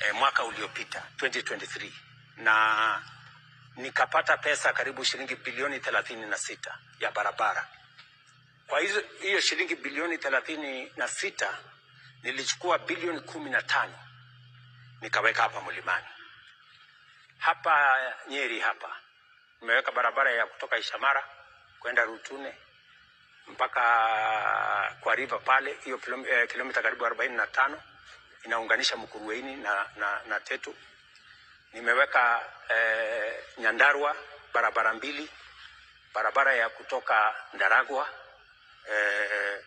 eh, mwaka uliopita 2023 na nikapata pesa karibu shilingi bilioni thelathini na sita ya barabara. Kwa hizo hiyo shilingi bilioni thelathini na sita nilichukua bilioni kumi na tano nikaweka hapa Mlimani hapa Nyeri hapa nimeweka barabara ya kutoka Ishamara kwenda Rutune mpaka kwa riva pale, hiyo eh, kilomita karibu arobaini na tano inaunganisha Mkurueni na, na, na Tetu. Nimeweka eh, Nyandarua barabara mbili, barabara ya kutoka Ndaragwa eh,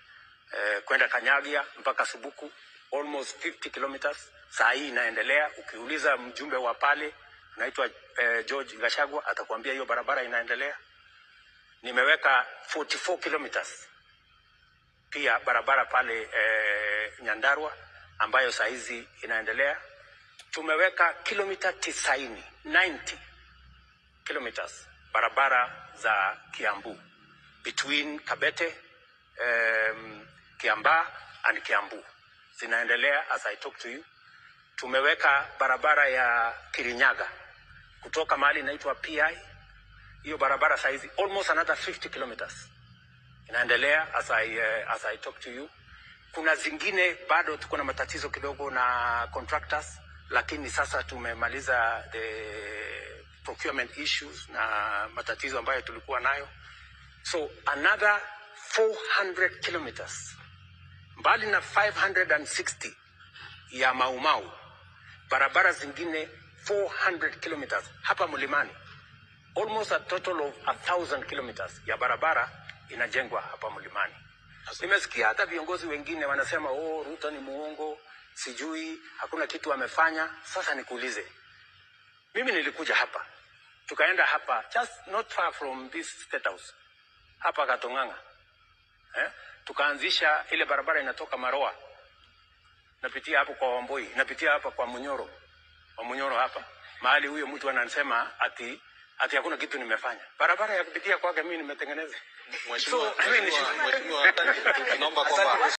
eh, kwenda Kanyagia mpaka Subuku almost 50 kilometers. Saa hii inaendelea. Ukiuliza mjumbe wa pale anaitwa eh, George Gashagwa atakwambia hiyo barabara inaendelea. Nimeweka 44 kilometers pia barabara pale eh, Nyandarua ambayo saa hizi inaendelea. Tumeweka kilomita tisaini 90 kilometers barabara za Kiambu between Kabete um, Kiamba and Kiambu zinaendelea as I talk to you. Tumeweka barabara ya Kirinyaga kutoka mahali inaitwa PI, hiyo barabara hizi almost another 50 kilometers inaendelea as I, uh, as I talk to you. Kuna zingine bado tuko na matatizo kidogo na contractors, lakini sasa tumemaliza the procurement issues na matatizo ambayo tulikuwa nayo, so another 400 kilometers mbali na 560 ya Maumau, barabara zingine 400 kilometers hapa mlimani, almost a total of 1000 kilometers ya barabara inajengwa hapa mlimani. Nimesikia hata viongozi wengine wanasema oh, Ruto ni muongo, sijui hakuna kitu amefanya. Sasa nikuulize, mimi nilikuja hapa, tukaenda hapa just not far from this state house hapa Katonganga eh? tukaanzisha ile barabara inatoka Maroa, napitia hapo kwa Wamboi, napitia hapa kwa Munyoro, wa Munyoro hapa mahali huyo mtu anasema ati Ati hakuna kitu nimefanya. Barabara ya kupitia kwake mimi nimetengeneza. Mheshimiwa, so, I Mheshimiwa, naomba kwamba